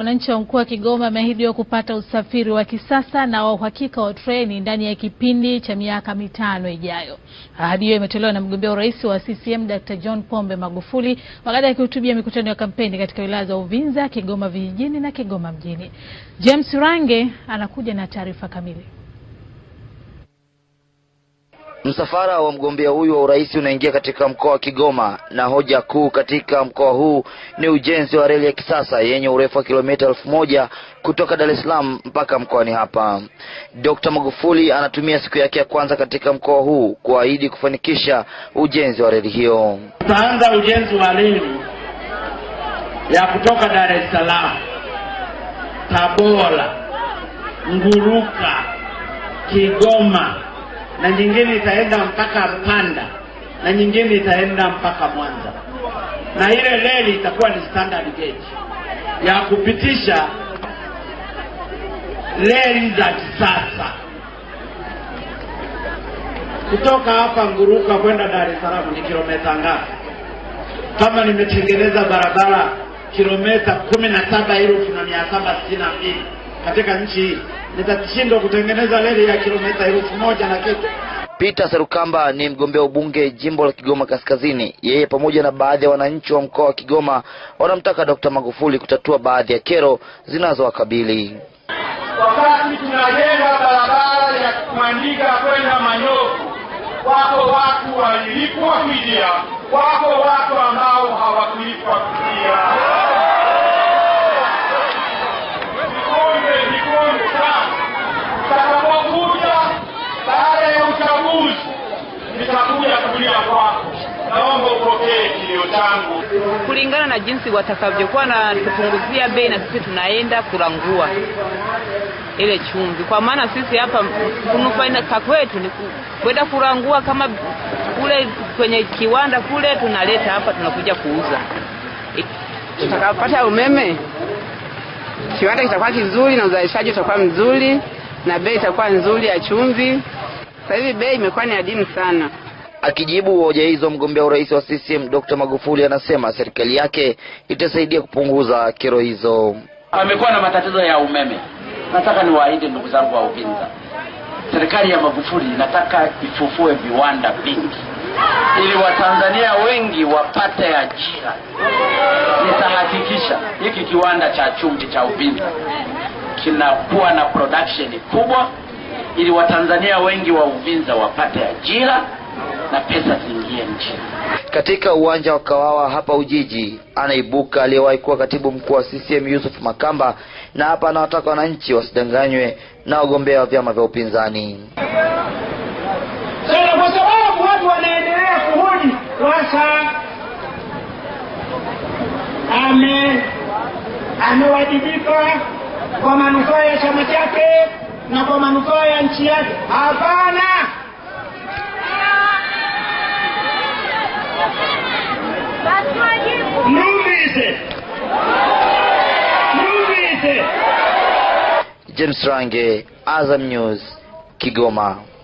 Wananchi wa mkoa wa Kigoma wameahidiwa kupata usafiri wa kisasa na wa uhakika wa treni ndani ya kipindi cha miaka mitano ijayo. Ahadi hiyo imetolewa na mgombea urais wa CCM Dr. John Pombe Magufuli wakati akihutubia mikutano ya kampeni katika wilaya za Uvinza, Kigoma vijijini na Kigoma mjini. James Range anakuja na taarifa kamili. Msafara wa mgombea huyu wa urais unaingia katika mkoa wa Kigoma, na hoja kuu katika mkoa huu ni ujenzi wa reli ya kisasa yenye urefu wa kilomita elfu moja kutoka Dar es Salaam mpaka mkoani hapa. Dr. Magufuli anatumia siku yake ya kwanza katika mkoa huu kuahidi kufanikisha ujenzi wa reli hiyo. Tutaanza ujenzi wa reli ya kutoka Dar es Salaam, Tabora, Nguruka, Kigoma na nyingine itaenda mpaka Mpanda na nyingine itaenda mpaka Mwanza, na ile reli itakuwa ni standard gauge ya kupitisha reli za kisasa kutoka hapa Nguruka kwenda Dar es Salaam ni kilomita ngapi? Kama nimetengeneza barabara kilomita kumi na saba elfu na mia saba sitini na mbili katika nchi hii, nitashindwa kutengeneza reli ya kilomita elfu moja na kitu. Peter Serukamba ni mgombea ubunge jimbo la Kigoma Kaskazini. Yeye pamoja na baadhi ya wananchi wa mkoa wa Kigoma wanamtaka Dr. Magufuli kutatua baadhi ya kero zinazowakabili. Wakati tunajenga barabara ya Mwandiga kwenda Manyovu, wako watu walilipwa fidia, wako watu ambao hawakulipwa. nitakuja kulia kwako, naomba upokee kilio changu. Kulingana na jinsi watakavyokuwa na tupunguzia bei, na sisi tunaenda kulangua ile chumvi, kwa maana sisi hapa kunufaika kwetu ni kwenda kulangua, kama kule kwenye kiwanda kule tunaleta hapa, tunakuja kuuza. Tutakapata umeme, kiwanda kitakuwa kizuri na uzalishaji utakuwa mzuri na bei itakuwa nzuri ya chumvi. Sasa hivi bei imekuwa ni adimu sana. Akijibu hoja hizo, mgombea urais wa CCM Dr. Magufuli anasema serikali yake itasaidia kupunguza kero hizo. Amekuwa na matatizo ya umeme. Nataka niwaahidi ndugu zangu wa upinza serikali ya Magufuli inataka ifufue viwanda vingi ili Watanzania wengi wapate ajira. Nitahakikisha hiki kiwanda cha chumvi cha Uvinza kinakuwa na production kubwa ili Watanzania wengi wa Uvinza wapate ajira na pesa ziingie nchini. Katika uwanja wa Kawawa hapa Ujiji anaibuka aliyewahi kuwa katibu mkuu wa CCM Yusuf Makamba, na hapa anawataka wananchi wasidanganywe na wagombea wa vyama vya upinzani. Kwa sababu watu wanaendelea kurudi Lwasa ame amewajibika kwa manufaa ya chama chake na kwa manufaa ya nchi yake? Hapana. James Range, Azam News, Kigoma.